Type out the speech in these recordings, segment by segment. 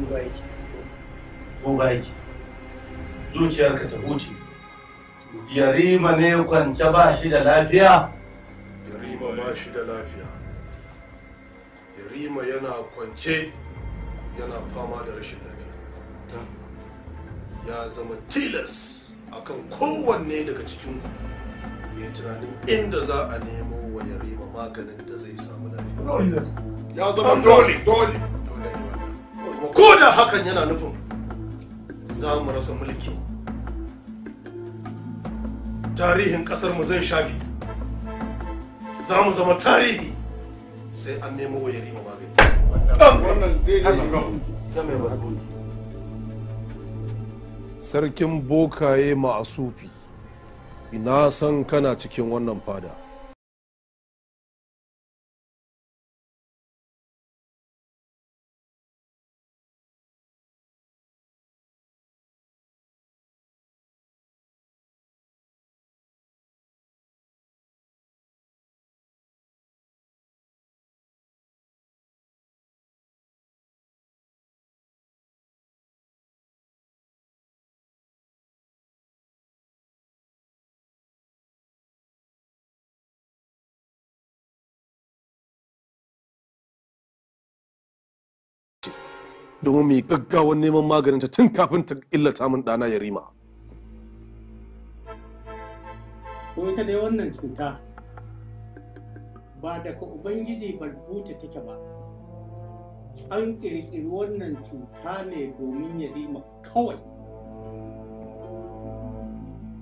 tuba yake tuba yake zuciyarka ta huce yarima ne kwance ba shi da lafiya yarima ba shi da lafiya yarima yana kwance yana fama da rashin lafiya ya zama tilas akan kowanne daga cikin mai tunanin inda za a nemo wa yarima maganin da zai samu lafiya ya zama dole dole ko da hakan yana nufin za mu rasa mulki tarihin mu zai shafi za mu zama tarihi sai an nemo wayar yi magani sarkin bokaye ma'asufi ina san kana cikin wannan fada domin mu yi gaggawan neman maganinta tun kafin ta illata min ɗana ya rima. Ko ita dai wannan cuta ba daga Ubangiji balbuta take ba. An ƙirƙiri wannan cuta ne domin ya rima kawai.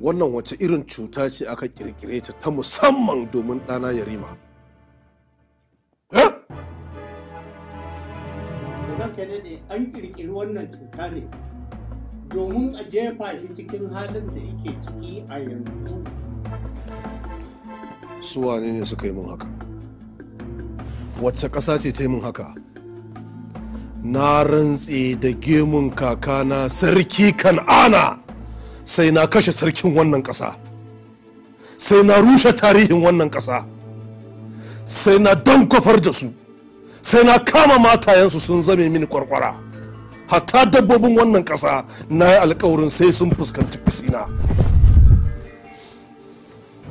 Wannan wace irin cuta ce aka ƙirƙire ta ta musamman domin ɗana ya rima. ranka daɗe an ƙirƙiri wannan cuta ne domin a jefa shi cikin halin da yake ciki a yanzu su wane ne suka yi min haka wacce ƙasa ce ta yi min haka na rantse da gemun kakana sarki kan Ana, sai na kashe sarkin wannan ƙasa sai na rushe tarihin wannan ƙasa sai na don kwafar da su sai na kama matayensu sun zame mini kwarkwara hatta dabbobin wannan ƙasa na yi alkawarin sai sun fuskanci fushina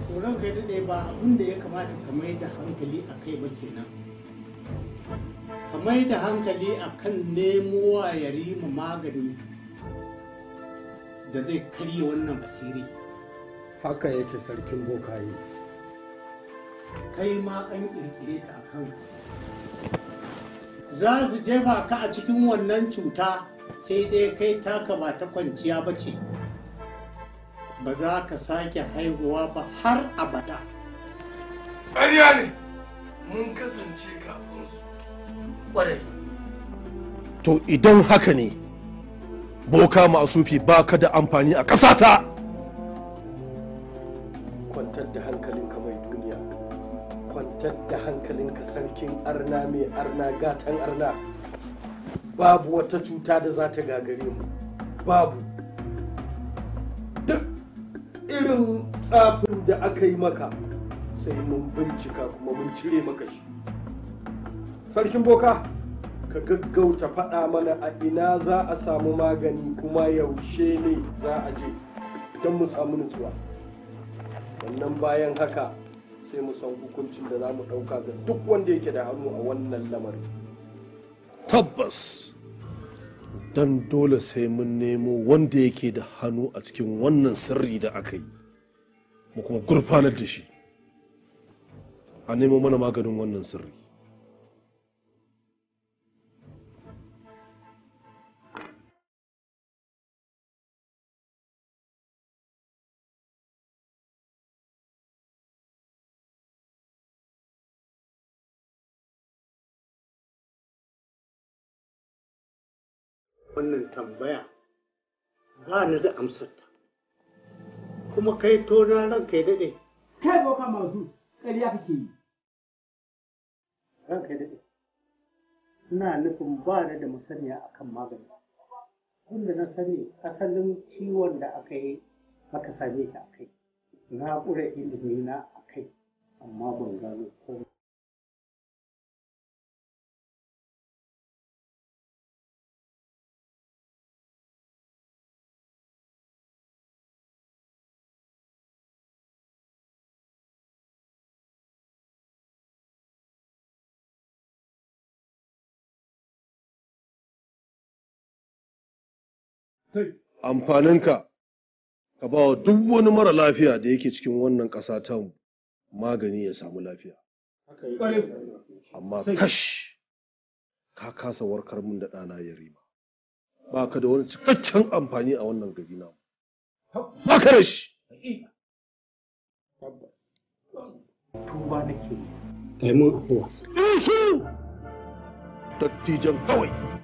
tsoron ba abin da ya kamata ka mai da hankali a kai ba kan nemo a yari magani da zai karye wannan asiri haka yake sarkin bokaye kai ma an kirkire ta a kanka za su jefa ka a cikin wannan cuta sai dai kai taka ba ta kwanciya ba ce ba za ka sake haihuwa ba har abada ƙarya ne mun kasance kafin su ƙwarai to idan haka ne boka masufi ba ka da amfani a ƙasata kwantar da hankalin kwantar hankalin ka sarkin arna mai arna gatan arna babu wata cuta da za ta gagare mu babu duk irin tsafin da aka yi maka sai mun bincika kuma mun cire maka shi sarkin boka ka gaggauta faɗa mana a ina za a samu magani kuma yaushe ne za a je don mu samu nutsuwa sannan bayan haka sai mu san hukuncin da za mu ɗauka ga duk wanda yake da hannu a wannan lamarin tabbas don dole sai mun nemo wanda yake da hannu a cikin wannan sirri da aka yi mu kuma gurfanar da shi a nemo mana maganin wannan sirri wannan tambaya ba ni da amsarta kuma kai to na ranka ya daɗe kai boka masu ƙarya kake yi ranka ya daɗe ina nufin ba ni da masaniya akan magani wanda na sani asalin ciwon da aka yi aka same shi a kai na ƙura ilimi na akai amma ban gano komai amfaninka ka ba wa duk wani mara lafiya da yake cikin wannan ƙasa ta magani ya samu lafiya. Amma kash ka kasa warkar min da ɗana ya rima. Ba ka da wani cikakken amfani a wannan gari na Ba ka da shi. Tuba nake yi. mun Isu! Dattijan kawai.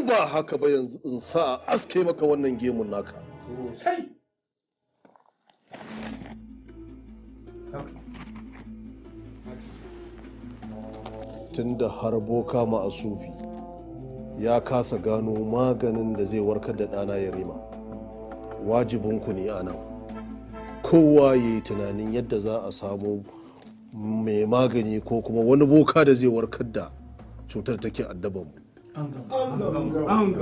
in ba haka ba yanzu in sa a aske maka wannan gemun naka Tun tunda har boka ma a sufi ya kasa gano maganin da zai warkar da ɗana ya rima wajibinku ne a nan kowa ya yi tunanin yadda za a samu mai magani ko kuma wani boka da zai warkar da cutar take addabanmu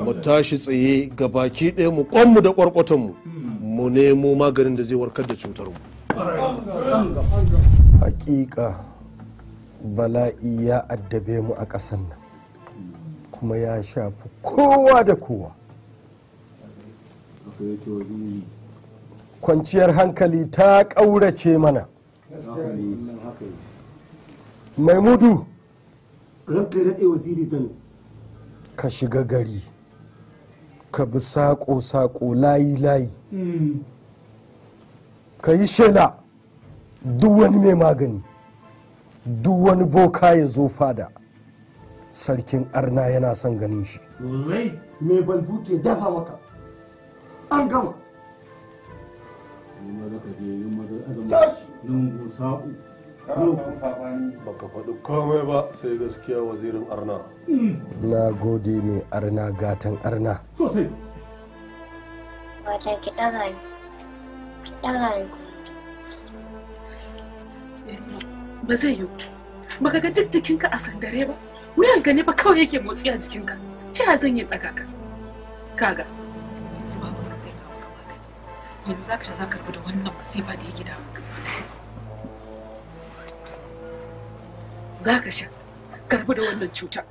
mu tashi tsaye ga baki ɗaya mu kwanmu da ƙwarƙwatanmu mu nemo maganin da zai warkar da cutar mu hakika bala'i ya addabe mu a ƙasan nan kuma ya shafi kowa da kowa kwanciyar hankali ta ƙaurace mana maimudu ranka ya daɗe waziri zan ka shiga gari ka bi saƙo-saƙo layi-layi ka yi shela duk wani mai magani duk wani boka ya zo fada sarkin arna yana son ganin shi me balbu ke dafa maka an gama baka faɗi komai ba sai gaskiya wazirin arna hmm. na gode mai arna gatan arna sosai wata ki ɗaga ni ki ɗaga ni ba zai yiwu ka ga duk jikinka a sandare ba wuyan gane ba kawai yake motsi a jikinka ta ya zan yi ɗaga ka kaga yanzu babu ka zai kawo ka magani yanzu za ka zaka da wannan masifa da yake damu za ka sha karbi da wannan cutar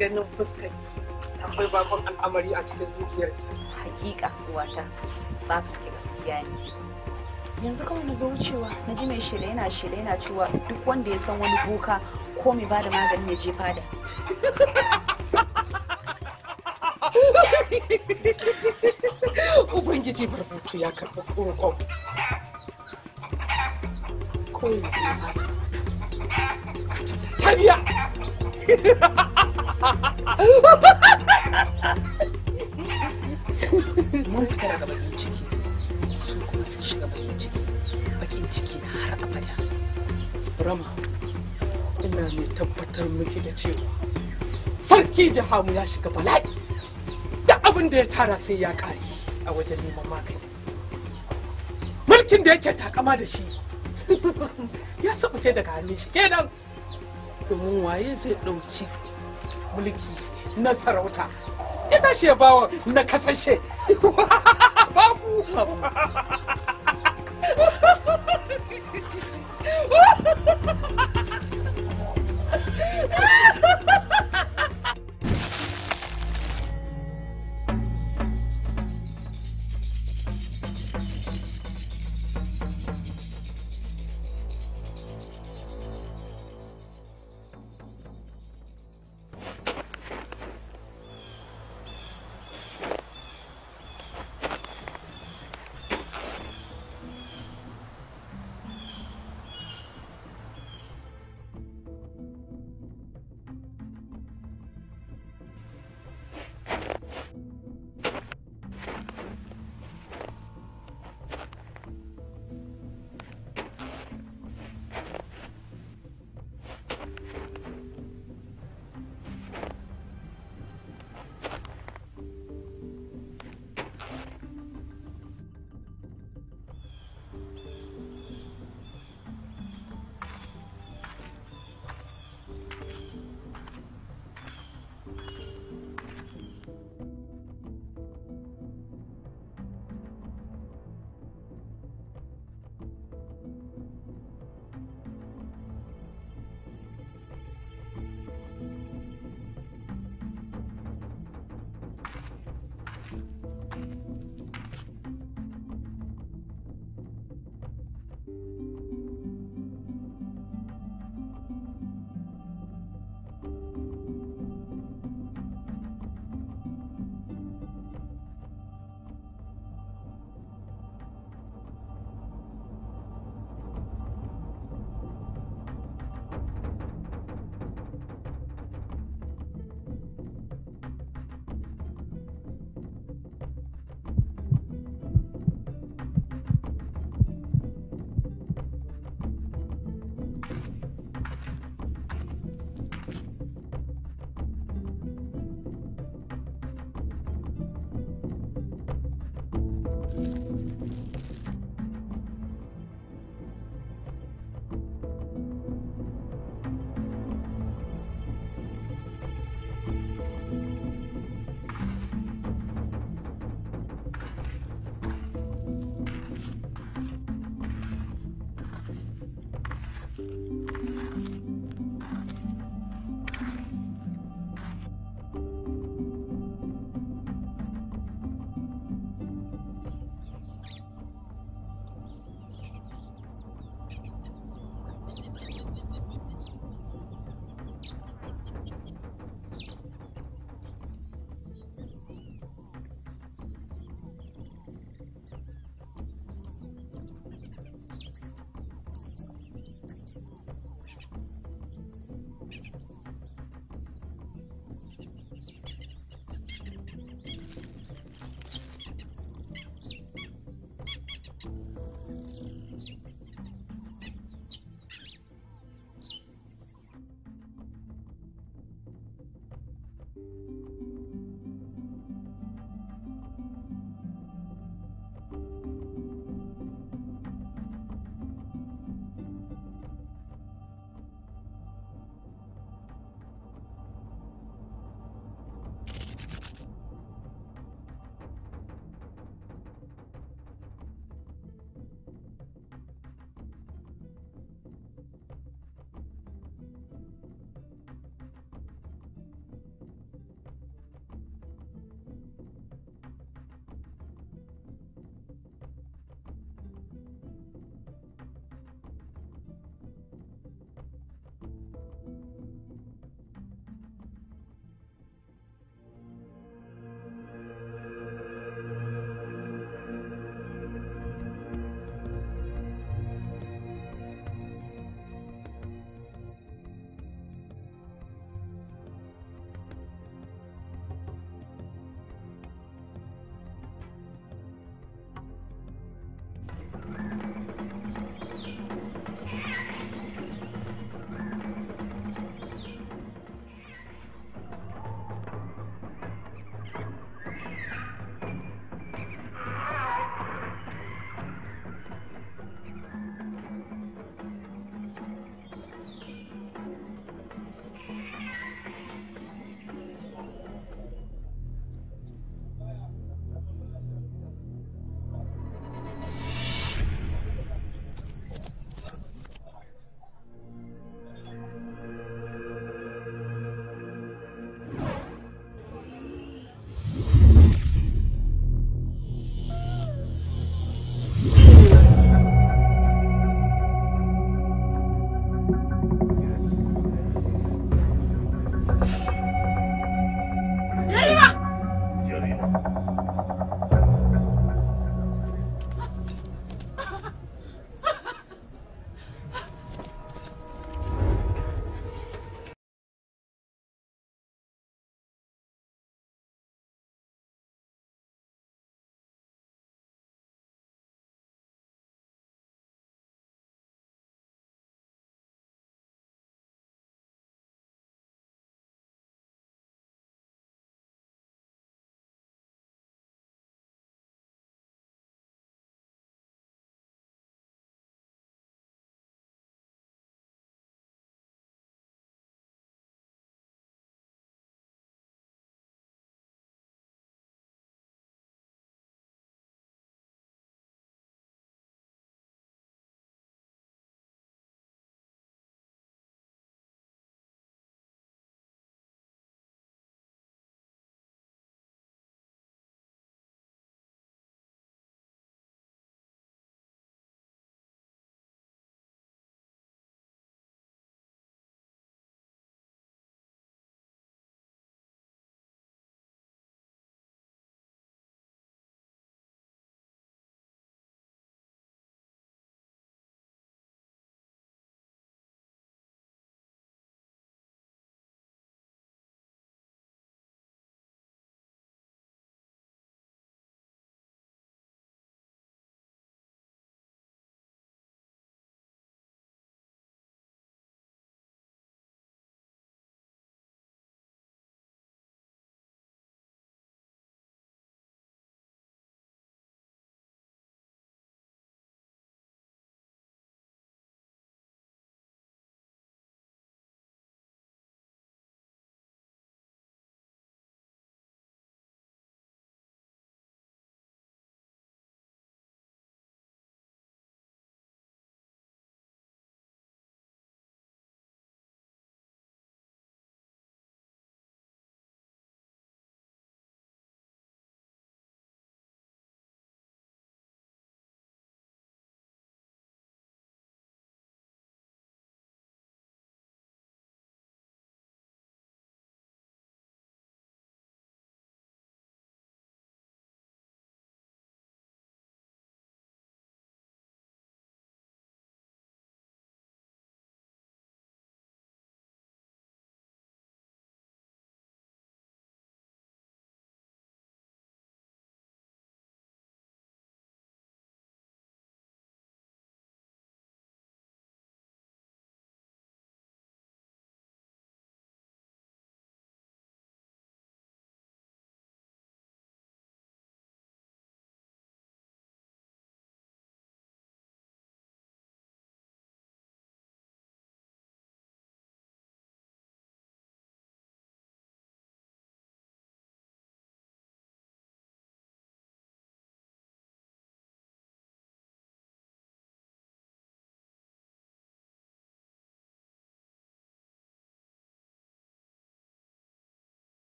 ganin fuskar akwai bakon al'amari a cikin zuciyar ki hakika uwata tsafin ki gaskiya ne yanzu kawai na zo wucewa na ji mai shirye yana shirye yana cewa duk wanda ya san wani boka ko mai bada magani ya je fada Ubangiji barbutu ya karɓi kurkon. Ko yanzu samu ya shiga bala'i da abin da ya tara sai ya ƙare a wajen neman magani mulkin da yake takama da shi ya sabuce daga hannun shi kenan domin waye zai ɗauki mulki na sarauta ita shi ya bawa na kasashe babu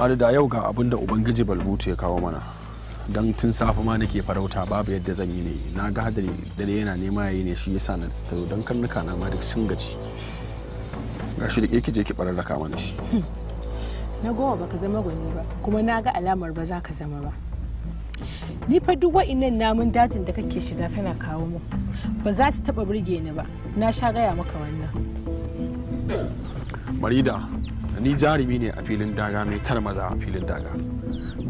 bari da yau ga abin da ubangiji balbutu ya kawo mana don tun safe ma nake farauta babu yadda zan yi ne na ga hadari dare yana nema yayi ne shi ya sa na tattaro don karnuka na ma duk sun gaji shi da ke je ki barar raka mana shi na goma baka zama gwani ba kuma na ga alamar ba za ka zama ba ni fa duk wa'innan namun dajin da kake shiga kana kawo mu ba za su taba burge ni ba na sha gaya maka wannan marida ni jarumi ne a filin daga mai tar maza a filin daga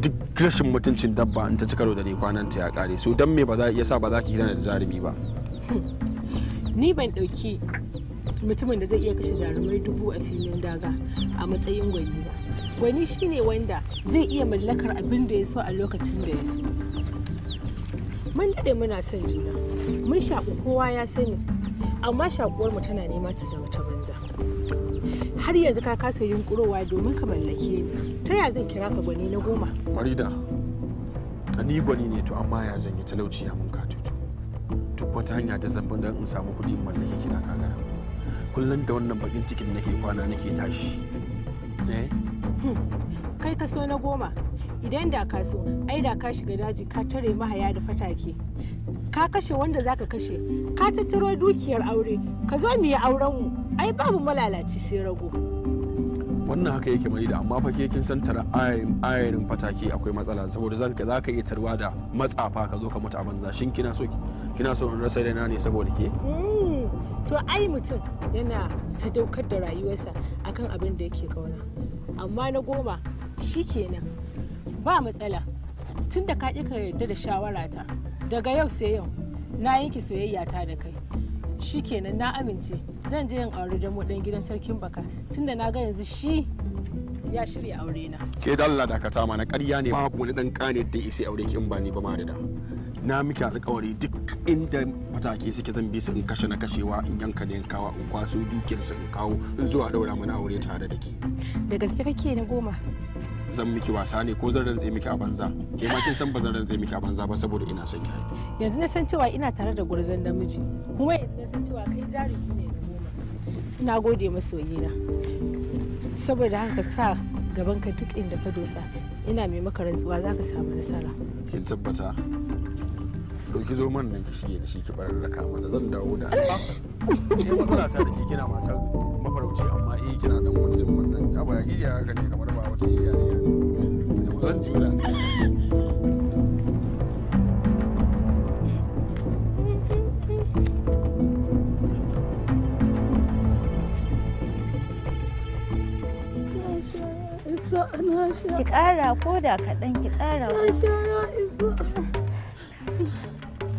duk rashin mutuncin dabba in ta ci karo da ni kwanan ta ya kare so dan me ba za iya sa ba za ki hira da jarumi ba ni ban dauki mutumin da zai iya kashe jarumai dubu a filin daga a matsayin gwani ba gwani shine wanda zai iya mallakar abin da ya so a lokacin da ya so mun daɗe muna son juna mun shaƙu kowa ya sani amma shaƙuwar mu tana nema ta zama ta banza har yanzu ka kasa yunkurowa domin ka mallake ni ta ya zan kira ka gwani na goma farida ni gwani ne to amma ya zan yi talauci ya mun katutu duk wata hanya ta zan don in samu kuɗi in mallake kina kagara kullum da wannan bakin cikin nake kwana nake tashi eh hmm. kai kaso na goma idan da ka so ai da ka shiga daji ka tare mahaya da fatake ka kashe wanda zaka kashe ka tattaro dukiyar aure ka zo mu yi auren mu ai babu malalaci sai rago wannan haka yake mai da amma fa ke kin san tara ayarin fataki akwai matsala saboda zan ka zaka iya tarwa da matsafa ka zo ka mutu a banza shin kina so kina so in rasa raina ne saboda ke hmm, to ai mutum yana sadaukar da rayuwarsa akan abin da yake kauna amma na goma shikenan ba matsala tun da ka ƙi ka yarda da shawarata daga yau sai yau na yanke soyayya ta da kai shikenan na amince zan je yin aure da mu dan gidan sarkin baka tunda na ga yanzu shi ya shirya aure na ke dalla da kata mana ƙarya ne babu wani dan kane da isa aure kin ba ni ba ma da na miki alkawari duk inda mataki suke zan bi su in kashe na kashewa in yanka da yankawa in kwaso dukiyar su in kawo in zuwa daura mana aure tare da ke da gaske kake na goma zan miki wasa ne ko zan rantsa miki a banza ke ma kin san ba zan rantsa miki a banza ba saboda ina son ki yanzu na san cewa ina tare da gurzan namiji kuma yanzu na san cewa kai jarumi ne na gode masoyina saboda haka sa gaban ka duk inda ka dosa ina mai maka rantsuwa zaka samu nasara kin tabbata doki zo man nan ki shige da shi ki bar raka mana zan dawo da Allah ce matsala ta da ki kina matar mafarauci amma eh kina dan wani jin wannan ka ba ya gidiya ne kamar ba wata iya ne sai ku zan juna Ki ƙara ko da kaɗan ki ƙara.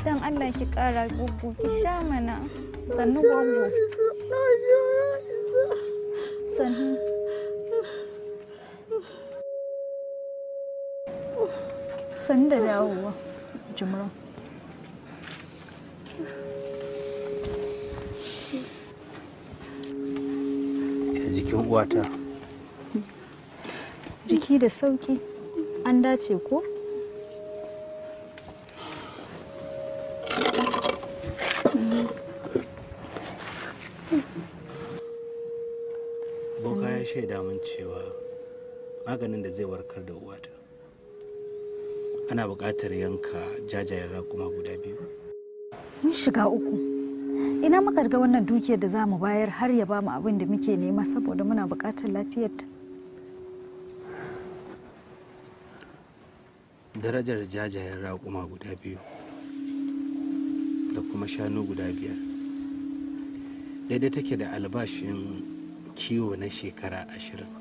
don allah ki kara gugu ki sha mana sannu gwaggo sannu sannu da dawowa jimran jikin uwata jiki da sauki an dace ko maganin da zai warkar da uwata ana buƙatar yanka jajayen raƙuma guda biyu mun shiga uku ina muka ga wannan dukiyar da za mu bayar har ya ba mu abin da muke nema saboda muna buƙatar lafiyarta darajar jajayen raƙuma guda biyu da kuma shanu guda biyar daidai take da albashin kiwo na shekara ashirin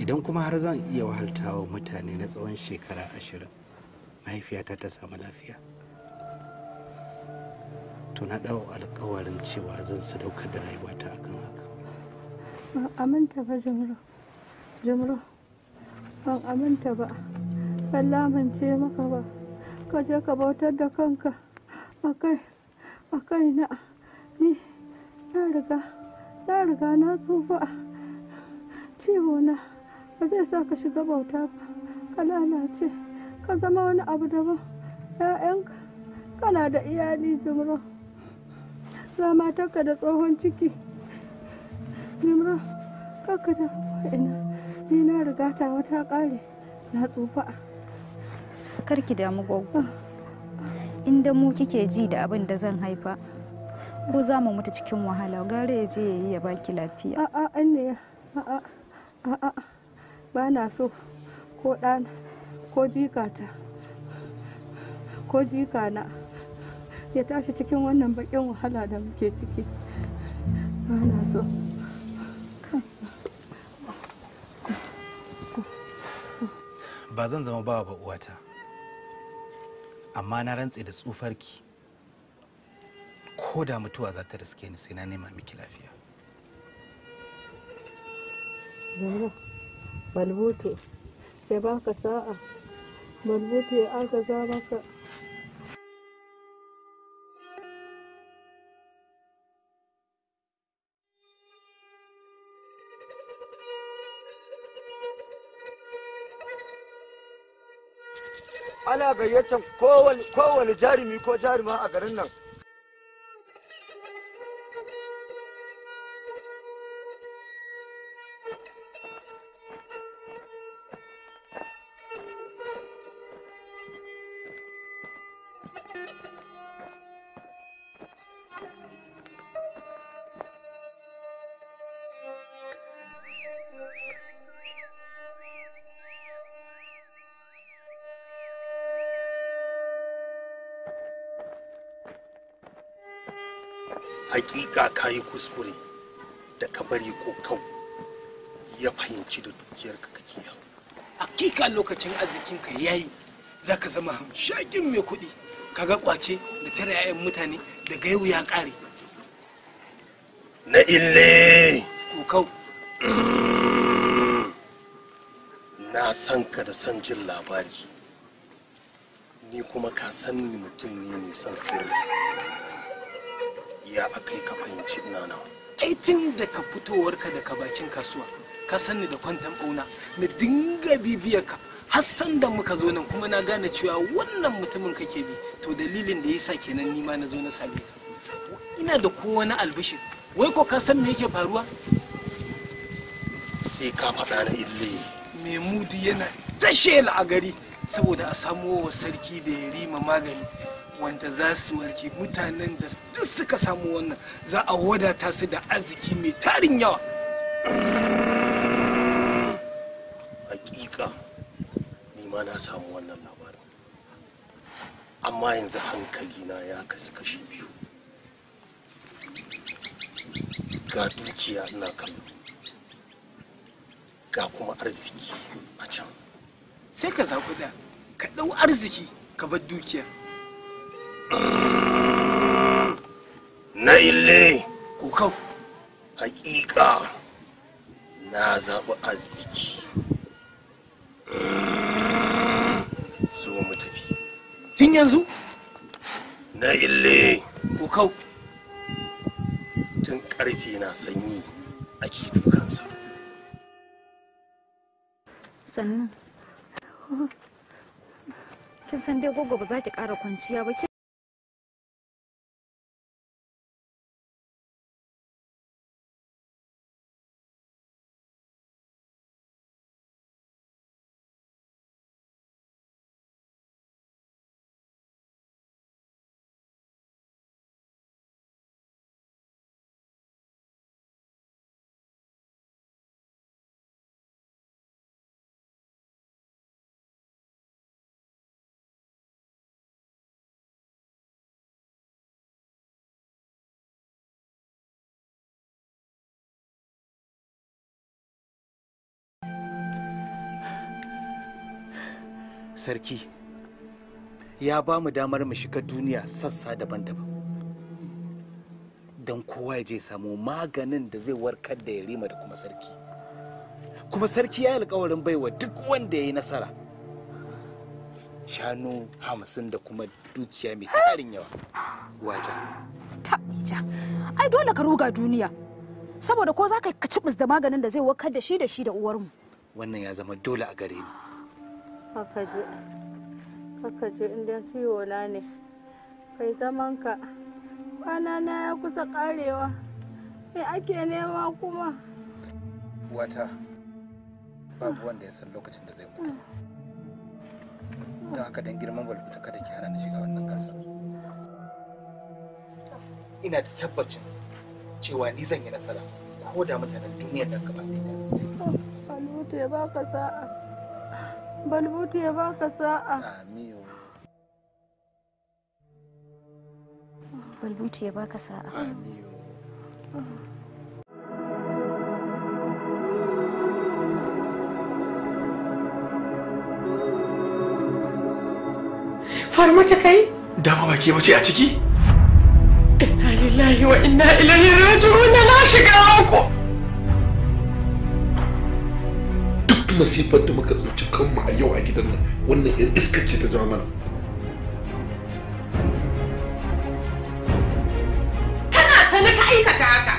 idan kuma har zan iya wa mutane na tsawon shekara ashirin mahaifiyata ta samu lafiya to na ɗau alkawarin cewa zan sadaukar da rayuwata akan haka ban aminta ba jimro jimro ban aminta ba ban lamince maka ba ka je ka bautar da kanka akai akai na ni na riga na riga na tsufa ciwo na ba zai sa ka shiga bauta ba ka lalace ka zama wani abu daban ‘ya'yanka kana da iyali jimro za taka da tsohon ciki jimro kakka da ina ni na riga ta wata ƙare na tsufa karki damu gwaggo ah. inda mu kike ji da abin da zan haifa ko za mu mutu cikin wahala gare ya je ya yi ya baki lafiya a'a a'a a'a ba na so ko ɗana ko jikata ko jikana ya tashi cikin wannan bakin wahala da muke ciki ba na so ba zan zama bawa ba uwata amma na rantse da tsufarki ko da mutuwa za ta riske ni sai na nema miki lafiya. malbutu ya baka sa'a malbutu ya agaza maka ana gayyatar kowane jarumi ko jaruma a garin nan ga ka kuskure da ka bari ko kau ya fahimci da dukiyarka kake yau hakika lokacin arzikinka ya yayi za ka zama hamshakin mai kuɗi kaga kwace da tare 'ya'yan mutane daga yau ya ƙare na ille kau na san ka da san jin labari ni kuma ka san ni mutum ne mai san sirri ya akai ka fahimci ina nan ai tun daga fitowarka daga bakin kasuwa ka sani da kwantan bauna na dinga bibiyar ka san da muka zo nan kuma na gane cewa wannan mutumin kake bi to dalilin da yasa kenan nima na zo na same ka ina da ko wani albishir wai ko ka san me yake faruwa sai ka faɗa na ille me mudu yana tashe la'agari saboda a samo wa sarki da ya rima magani wanda za su warke mutanen da duk suka samu wannan za a wadata su da arziki mai tarin yawa hakika nima na samu wannan labarin amma yanzu hankali na ya kasu kashi biyu ga dukiya ina kallo ga kuma arziki a can sai ka zaɓi da ka ɗau arziki ka bar dukiyar na ille ku kau hakika na zaɓi arziki so mm, mu tafi tun yanzu na ille ku kau tun ƙarfe na sanyi ake dukansa sannan kin san dai gogo ba za ki ƙara kwanciya ba sarki ya ba mu damar mu shiga duniya sassa daban-daban don kowa ya je samu maganin da zai warkar da yarima da kuma sarki kuma sarki ya yi alkawarin baiwa duk wanda ya yi nasara shanu hamsin da kuma dukiya mai tarin yawa wata taɓija ai dole ka ruga duniya saboda ko za ka ci da maganin da zai warkar da shi da shi da uwarmu wannan ya zama dole a gare ni ka je inda ciwola ne kai zamanka kwana na ya kusa karewa me ake nema kuma wata babu wanda ya san lokacin da zai mutu don haka don girman balbuta kada ki hana ni shiga wannan gasa. ina da tabbacin cewa ni zan yi nasara ko da mutanen duniyar nan gaba ɗaya zan yi. ya baka sa'a. balbuti ya baka sa'a balbuti ya baka sa'a faru mata kai dama ba ke wace a ciki inna lillahi wa inna ilaihi raji'un na shiga uku masifar da muka tsinci kanmu a yau a gidan nan wannan yan iska ce ta zama mana kana sani ka aikata haka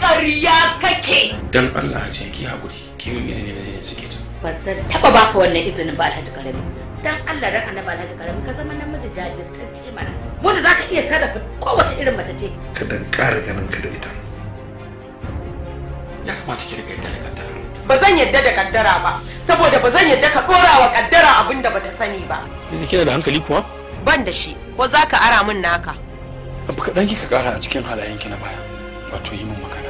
ƙarya kake dan Allah ce ki haƙuri ki yi izini na jini suke ta ba zan taɓa baka wannan izinin ba Alhaji Karami dan Allah ran ba Alhaji Karami ka zama namiji jajirtacce mana wanda ka iya sarrafa kowace irin mace ce ka dan ƙara ganin ka da ita ya kamata ki riga yadda da kanta ba zan yadda da kaddara ba saboda ba zan yadda ka dora wa kaddara abin da bata sani ba yanzu kina da hankali kuwa ban da shi ko zaka ara min naka abu kaɗan ka ƙara a cikin halayenki na baya wato yi min magana